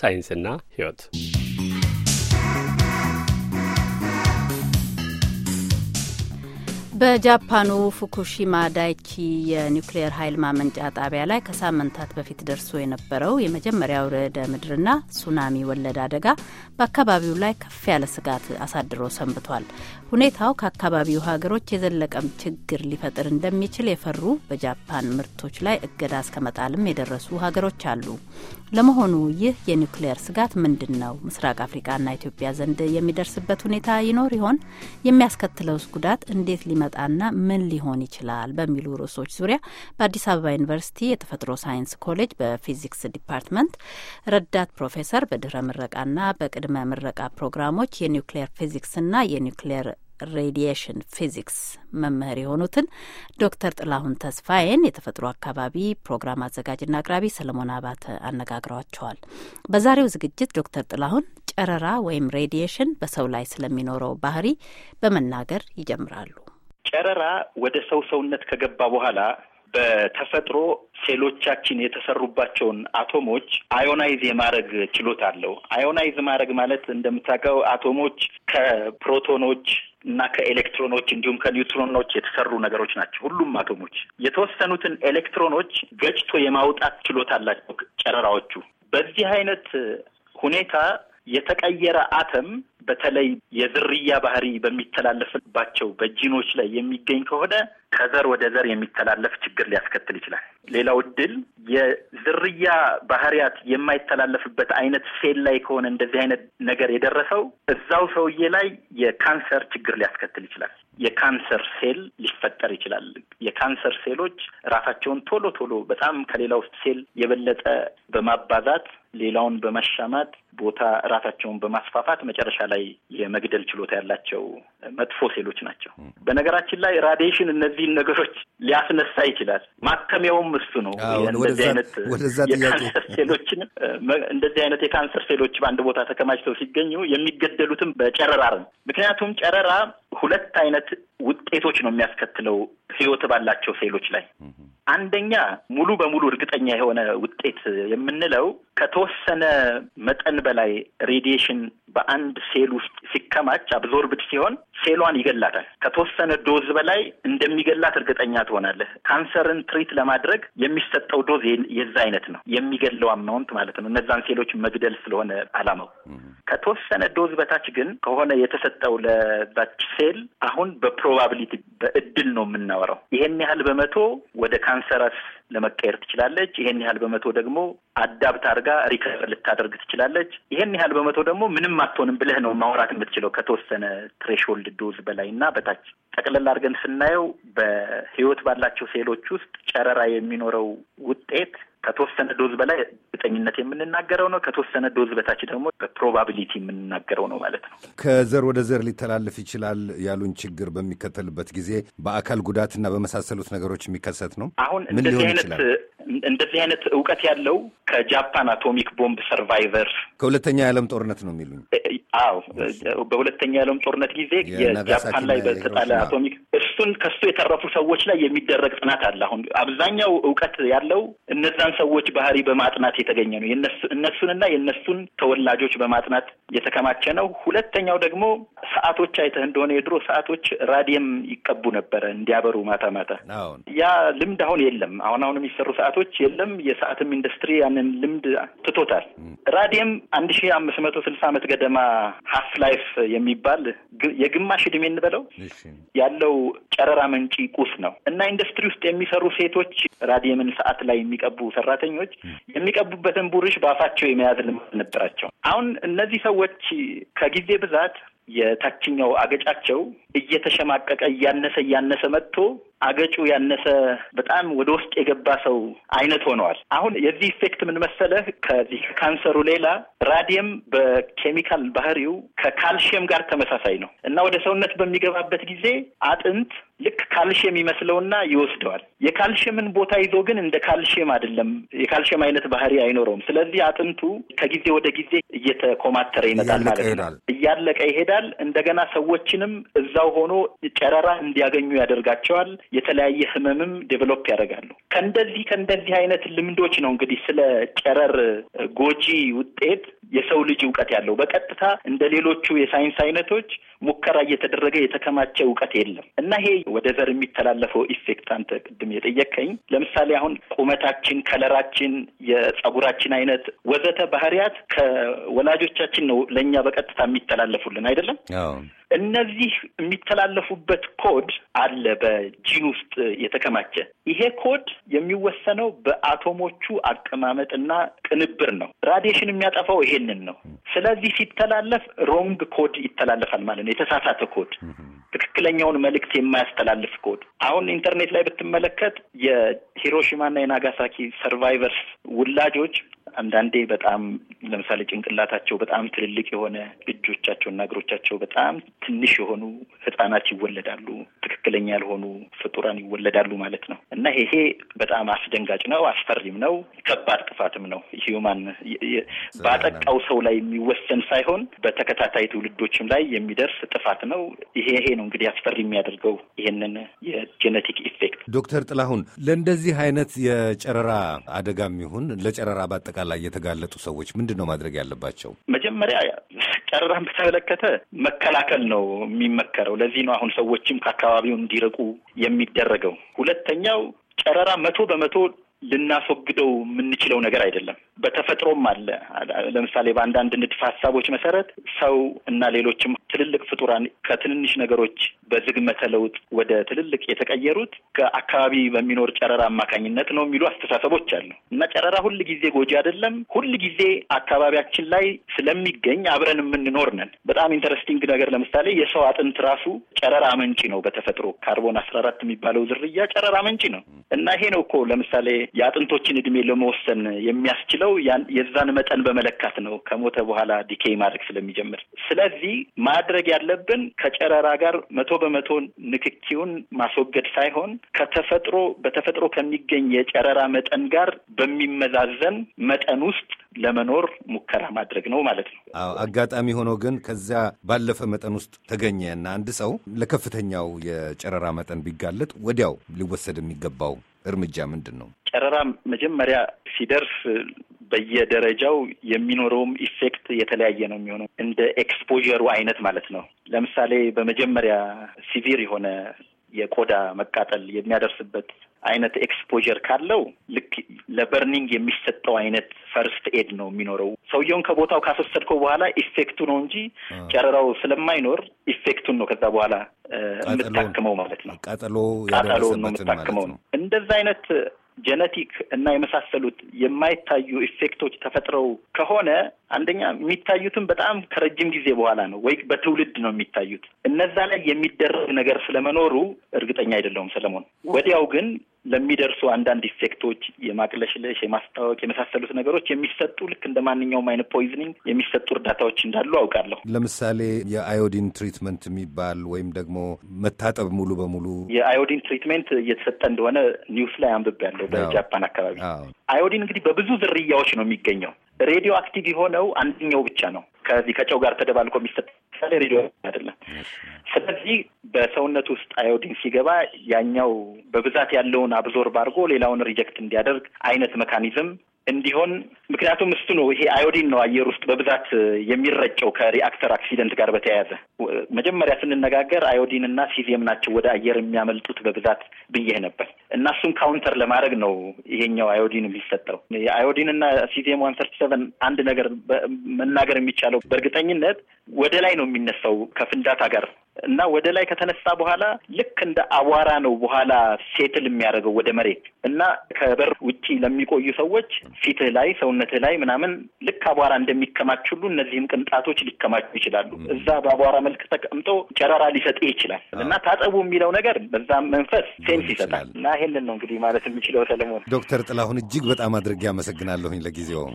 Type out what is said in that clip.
ሳይንስና ሕይወት በጃፓኑ ፉኩሺማ ዳይቺ የኒውክሌየር ኃይል ማመንጫ ጣቢያ ላይ ከሳምንታት በፊት ደርሶ የነበረው የመጀመሪያው ርዕደ ምድርና ሱናሚ ወለድ አደጋ በአካባቢው ላይ ከፍ ያለ ስጋት አሳድሮ ሰንብቷል። ሁኔታው ከአካባቢው ሀገሮች የዘለቀም ችግር ሊፈጥር እንደሚችል የፈሩ በጃፓን ምርቶች ላይ እገዳ እስከመጣልም የደረሱ ሀገሮች አሉ። ለመሆኑ ይህ የኒውክሌር ስጋት ምንድን ነው? ምስራቅ አፍሪካና ኢትዮጵያ ዘንድ የሚደርስበት ሁኔታ ይኖር ይሆን? የሚያስከትለውስ ጉዳት እንዴት ሊመጣና ምን ሊሆን ይችላል? በሚሉ ርዕሶች ዙሪያ በአዲስ አበባ ዩኒቨርሲቲ የተፈጥሮ ሳይንስ ኮሌጅ በፊዚክስ ዲፓርትመንት ረዳት ፕሮፌሰር በድህረ ምረቃና በቅድመ ምረቃ ፕሮግራሞች የኒውክሌር ፊዚክስና የኒውክሌር ሬዲየሽን ፊዚክስ መምህር የሆኑትን ዶክተር ጥላሁን ተስፋዬን የተፈጥሮ አካባቢ ፕሮግራም አዘጋጅና አቅራቢ ሰለሞን አባተ አነጋግሯቸዋል። በዛሬው ዝግጅት ዶክተር ጥላሁን ጨረራ ወይም ሬዲየሽን በሰው ላይ ስለሚኖረው ባህሪ በመናገር ይጀምራሉ። ጨረራ ወደ ሰው ሰውነት ከገባ በኋላ በተፈጥሮ ሴሎቻችን የተሰሩባቸውን አቶሞች አዮናይዝ የማድረግ ችሎታ አለው። አዮናይዝ ማድረግ ማለት እንደምታውቀው አቶሞች ከፕሮቶኖች እና ከኤሌክትሮኖች እንዲሁም ከኒውትሮኖች የተሰሩ ነገሮች ናቸው። ሁሉም አቶሞች የተወሰኑትን ኤሌክትሮኖች ገጭቶ የማውጣት ችሎታ አላቸው ጨረራዎቹ። በዚህ አይነት ሁኔታ የተቀየረ አተም በተለይ የዝርያ ባህሪ በሚተላለፍባቸው በጂኖች ላይ የሚገኝ ከሆነ ከዘር ወደ ዘር የሚተላለፍ ችግር ሊያስከትል ይችላል። ሌላው እድል የዝርያ ባህሪያት የማይተላለፍበት አይነት ሴል ላይ ከሆነ እንደዚህ አይነት ነገር የደረሰው እዛው ሰውዬ ላይ የካንሰር ችግር ሊያስከትል ይችላል። የካንሰር ሴል ሊፈጠር ይችላል። የካንሰር ሴሎች ራሳቸውን ቶሎ ቶሎ በጣም ከሌላው ሴል የበለጠ በማባዛት ሌላውን በማሻማት ቦታ ራሳቸውን በማስፋፋት መጨረሻ ላይ የመግደል ችሎታ ያላቸው መጥፎ ሴሎች ናቸው። በነገራችን ላይ ራዲሽን እነዚህን ነገሮች ሊያስነሳ ይችላል። ማከሚያውም እሱ ነው። እንደዚህ አይነት የካንሰር ሴሎችን እንደዚህ አይነት የካንሰር ሴሎች በአንድ ቦታ ተከማችተው ሲገኙ የሚገደሉትም በጨረራ ነው። ምክንያቱም ጨረራ ሁለት አይነት ውጤቶች ነው የሚያስከትለው ህይወት ባላቸው ሴሎች ላይ። አንደኛ ሙሉ በሙሉ እርግጠኛ የሆነ ውጤት የምንለው ከተወሰነ መጠን በላይ ሬዲሽን በአንድ ሴል ውስጥ ሲከማች አብዞርብድ ሲሆን ሴሏን ይገላታል። ከተወሰነ ዶዝ በላይ እንደሚገላት እርግጠኛ ትሆናለህ። ካንሰርን ትሪት ለማድረግ የሚሰጠው ዶዝ የዛ አይነት ነው፣ የሚገለው አማውንት ማለት ነው። እነዛን ሴሎች መግደል ስለሆነ አላማው። ከተወሰነ ዶዝ በታች ግን ከሆነ የተሰጠው ለዛች ሴል አሁን በፕሮባብሊቲ በእድል ነው የምናወራው። ይሄን ያህል በመቶ ወደ ካንሰረስ ለመቀየር ትችላለች፣ ይሄን ያህል በመቶ ደግሞ አዳብት አድርጋ ሪከቨር ልታደርግ ትችላለች። ይሄን ያህል በመቶ ደግሞ ምንም አትሆንም ብለህ ነው ማውራት የምትችለው ከተወሰነ ትሬሽሆልድ ዶዝ በላይ እና በታች። ጠቅለል አድርገን ስናየው በህይወት ባላቸው ሴሎች ውስጥ ጨረራ የሚኖረው ውጤት ከተወሰነ ዶዝ በላይ እርግጠኝነት የምንናገረው ነው። ከተወሰነ ዶዝ በታች ደግሞ በፕሮባቢሊቲ የምንናገረው ነው ማለት ነው። ከዘር ወደ ዘር ሊተላለፍ ይችላል ያሉን ችግር በሚከተልበት ጊዜ በአካል ጉዳትና በመሳሰሉት ነገሮች የሚከሰት ነው። አሁን እንደዚህ አይነት እንደዚህ አይነት እውቀት ያለው ከጃፓን አቶሚክ ቦምብ ሰርቫይቨር ከሁለተኛ የዓለም ጦርነት ነው የሚሉኝ። አዎ በሁለተኛ የዓለም ጦርነት ጊዜ የጃፓን ላይ በተጣለ አቶሚክ እሱን ከሱ የተረፉ ሰዎች ላይ የሚደረግ ጥናት አለ። አሁን አብዛኛው እውቀት ያለው እነዛን ሰዎች ባህሪ በማጥናት የተገኘ ነው። እነሱንና የእነሱን ተወላጆች በማጥናት የተከማቸ ነው። ሁለተኛው ደግሞ ሰዓቶች አይተህ እንደሆነ የድሮ ሰዓቶች ራዲየም ይቀቡ ነበረ እንዲያበሩ ማታ ማታ። ያ ልምድ አሁን የለም። አሁን አሁን የሚሰሩ ሰዓቶች የለም። የሰዓትም ኢንዱስትሪ ያንን ልምድ ትቶታል። ራዲየም አንድ ሺህ አምስት መቶ ስልሳ ዓመት ገደማ ሀፍ ላይፍ የሚባል የግማሽ እድሜ እንበለው ያለው ጨረራ መንጪ ቁስ ነው እና ኢንዱስትሪ ውስጥ የሚሰሩ ሴቶች ራዲየምን ሰዓት ላይ የሚቀቡ ሰራተኞች የሚቀቡበትን ቡርሽ በአፋቸው የመያዝ ልማድ ነበራቸው። አሁን እነዚህ ሰዎች ከጊዜ ብዛት የታችኛው አገጫቸው እየተሸማቀቀ እያነሰ እያነሰ መጥቶ አገጩ ያነሰ በጣም ወደ ውስጥ የገባ ሰው አይነት ሆነዋል። አሁን የዚህ ኢፌክት ምን መሰለህ? ከዚህ ከካንሰሩ ሌላ ራዲየም በኬሚካል ባህሪው ከካልሽየም ጋር ተመሳሳይ ነው እና ወደ ሰውነት በሚገባበት ጊዜ አጥንት ልክ ካልሽየም ይመስለውና ይወስደዋል። የካልሽየምን ቦታ ይዞ ግን እንደ ካልሽየም አይደለም፣ የካልሽየም አይነት ባህሪ አይኖረውም። ስለዚህ አጥንቱ ከጊዜ ወደ ጊዜ እየተኮማተረ ይመጣል ማለት ነው፣ እያለቀ ይሄዳል። እንደገና ሰዎችንም እዛው ሆኖ ጨረራ እንዲያገኙ ያደርጋቸዋል። የተለያየ ህመምም ዴቨሎፕ ያደርጋሉ። ከእንደዚህ ከእንደዚህ አይነት ልምዶች ነው እንግዲህ ስለ ጨረር ጎጂ ውጤት የሰው ልጅ እውቀት ያለው በቀጥታ እንደ ሌሎቹ የሳይንስ አይነቶች ሙከራ እየተደረገ የተከማቸ እውቀት የለም እና ይሄ ወደ ዘር የሚተላለፈው ኢፌክት አንተ ቅድም የጠየቀኝ ለምሳሌ አሁን ቁመታችን፣ ከለራችን፣ የጸጉራችን አይነት ወዘተ ባህሪያት ከወላጆቻችን ነው ለእኛ በቀጥታ የሚተላለፉልን አይደለም እነዚህ የሚተላለፉበት ኮድ አለ በጂን ውስጥ የተከማቸ። ይሄ ኮድ የሚወሰነው በአቶሞቹ አቀማመጥና ቅንብር ነው። ራዲሽን የሚያጠፋው ይሄንን ነው። ስለዚህ ሲተላለፍ ሮንግ ኮድ ይተላለፋል ማለት ነው። የተሳሳተ ኮድ፣ ትክክለኛውን መልእክት የማያስተላልፍ ኮድ። አሁን ኢንተርኔት ላይ ብትመለከት ና የናጋሳኪ ሰርቫይቨርስ ውላጆች አንዳንዴ በጣም ለምሳሌ ጭንቅላታቸው በጣም ትልልቅ የሆነ እጆቻቸውና እግሮቻቸው በጣም ትንሽ የሆኑ ህጻናት ይወለዳሉ። ትክክለኛ ያልሆኑ ፍጡራን ይወለዳሉ ማለት ነው እና ይሄ በጣም አስደንጋጭ ነው፣ አስፈሪም ነው፣ ከባድ ጥፋትም ነው። ሂዩማን ባጠቃው ሰው ላይ የሚወሰን ሳይሆን በተከታታይ ትውልዶችም ላይ የሚደርስ ጥፋት ነው። ይሄ ይሄ ነው እንግዲህ አስፈሪ የሚያደርገው ይሄንን የጄኔቲክ ኢፌክት። ዶክተር ጥላሁን ለእንደዚህ አይነት የጨረራ አደጋም ይሁን ለጨረራ ባጠቃላይ ላይ የተጋለጡ ሰዎች ምንድን ነው ማድረግ ያለባቸው? መጀመሪያ ጨረራን በተመለከተ መከላከል ነው የሚመከረው። ለዚህ ነው አሁን ሰዎችም ከአካባቢው እንዲርቁ የሚደረገው። ሁለተኛው ጨረራ መቶ በመቶ ልናስወግደው የምንችለው ነገር አይደለም። በተፈጥሮም አለ። ለምሳሌ በአንዳንድ ንድፈ ሀሳቦች መሰረት ሰው እና ሌሎችም ትልልቅ ፍጡራን ከትንንሽ ነገሮች በዝግመተ ለውጥ ወደ ትልልቅ የተቀየሩት ከአካባቢ በሚኖር ጨረራ አማካኝነት ነው የሚሉ አስተሳሰቦች አሉ እና ጨረራ ሁል ጊዜ ጎጂ አይደለም። ሁል ጊዜ አካባቢያችን ላይ ስለሚገኝ አብረን የምንኖር ነን። በጣም ኢንተረስቲንግ ነገር ለምሳሌ የሰው አጥንት ራሱ ጨረራ አመንጪ ነው። በተፈጥሮ ካርቦን አስራ አራት የሚባለው ዝርያ ጨረራ አመንጪ ነው እና ይሄ ነው እኮ ለምሳሌ የአጥንቶችን እድሜ ለመወሰን የሚያስችለው የዛን መጠን በመለካት ነው ከሞተ በኋላ ዲኬይ ማድረግ ስለሚጀምር። ስለዚህ ማድረግ ያለብን ከጨረራ ጋር መቶ በመቶ ንክኪውን ማስወገድ ሳይሆን ከተፈጥሮ በተፈጥሮ ከሚገኝ የጨረራ መጠን ጋር በሚመዛዘን መጠን ውስጥ ለመኖር ሙከራ ማድረግ ነው ማለት ነው። አዎ አጋጣሚ ሆኖ ግን ከዚያ ባለፈ መጠን ውስጥ ተገኘ እና አንድ ሰው ለከፍተኛው የጨረራ መጠን ቢጋለጥ ወዲያው ሊወሰድ የሚገባው እርምጃ ምንድን ነው? ጨረራ መጀመሪያ ሲደርስ በየደረጃው የሚኖረውም ኢፌክት የተለያየ ነው የሚሆነው እንደ ኤክስፖዠሩ አይነት ማለት ነው። ለምሳሌ በመጀመሪያ ሲቪር የሆነ የቆዳ መቃጠል የሚያደርስበት አይነት ኤክስፖዠር ካለው ልክ ለበርኒንግ የሚሰጠው አይነት ፈርስት ኤድ ነው የሚኖረው። ሰውየውን ከቦታው ካስወሰድከው በኋላ ኢፌክቱ ነው እንጂ ጨረራው ስለማይኖር ኢፌክቱን ነው ከዛ በኋላ የምታክመው ማለት ነው። ቃጠሎ ቃጠሎ ነው የምታክመው ነው። እንደዛ አይነት ጄኔቲክ እና የመሳሰሉት የማይታዩ ኢፌክቶች ተፈጥረው ከሆነ አንደኛ የሚታዩትም በጣም ከረጅም ጊዜ በኋላ ነው ወይ በትውልድ ነው የሚታዩት። እነዛ ላይ የሚደረግ ነገር ስለመኖሩ እርግጠኛ አይደለውም ሰለሞን። ወዲያው ግን ለሚደርሱ አንዳንድ ኢፌክቶች የማቅለሽለሽ፣ የማስታወቅ የመሳሰሉት ነገሮች የሚሰጡ ልክ እንደ ማንኛውም አይነት ፖይዝኒንግ የሚሰጡ እርዳታዎች እንዳሉ አውቃለሁ። ለምሳሌ የአዮዲን ትሪትመንት የሚባል ወይም ደግሞ መታጠብ ሙሉ በሙሉ የአዮዲን ትሪትመንት እየተሰጠ እንደሆነ ኒውስ ላይ አንብብ ያለው በጃፓን አካባቢ አዮዲን እንግዲህ በብዙ ዝርያዎች ነው የሚገኘው። ሬዲዮ አክቲቭ የሆነው አንደኛው ብቻ ነው። ከዚህ ከጨው ጋር ተደባልቆ የሚሰጥ ለምሳሌ ሬዲዮ አይደለም። ስለዚህ በሰውነት ውስጥ አዮዲን ሲገባ ያኛው በብዛት ያለውን አብዞርብ አድርጎ ሌላውን ሪጀክት እንዲያደርግ አይነት መካኒዝም እንዲሆን ምክንያቱም እሱ ነው ይሄ አዮዲን ነው አየር ውስጥ በብዛት የሚረጨው ከሪአክተር አክሲደንት ጋር በተያያዘ መጀመሪያ ስንነጋገር አዮዲን እና ሲዚየም ናቸው ወደ አየር የሚያመልጡት በብዛት ብዬህ ነበር እና እሱን ካውንተር ለማድረግ ነው ይሄኛው አዮዲን የሚሰጠው የአዮዲን እና ሲዚየም ዋን ሰርቲ ሰቨን አንድ ነገር መናገር የሚቻለው በእርግጠኝነት ወደ ላይ ነው የሚነሳው ከፍንዳታ ጋር እና ወደ ላይ ከተነሳ በኋላ ልክ እንደ አቧራ ነው በኋላ ሴትል የሚያደርገው ወደ መሬት እና ከበር ውጪ ለሚቆዩ ሰዎች ፊትህ ላይ ሰውነትህ ላይ ምናምን ልክ አቧራ እንደሚከማች ሁሉ እነዚህም ቅንጣቶች ሊከማቹ ይችላሉ። እዛ በአቧራ መልክ ተቀምጦ ጨረራ ሊሰጥ ይችላል እና ታጠቡ የሚለው ነገር በዛ መንፈስ ሴንስ ይሰጣል እና ይሄንን ነው እንግዲህ ማለት የሚችለው ሰለሞን። ዶክተር ጥላሁን እጅግ በጣም አድርጌ አመሰግናለሁኝ ለጊዜው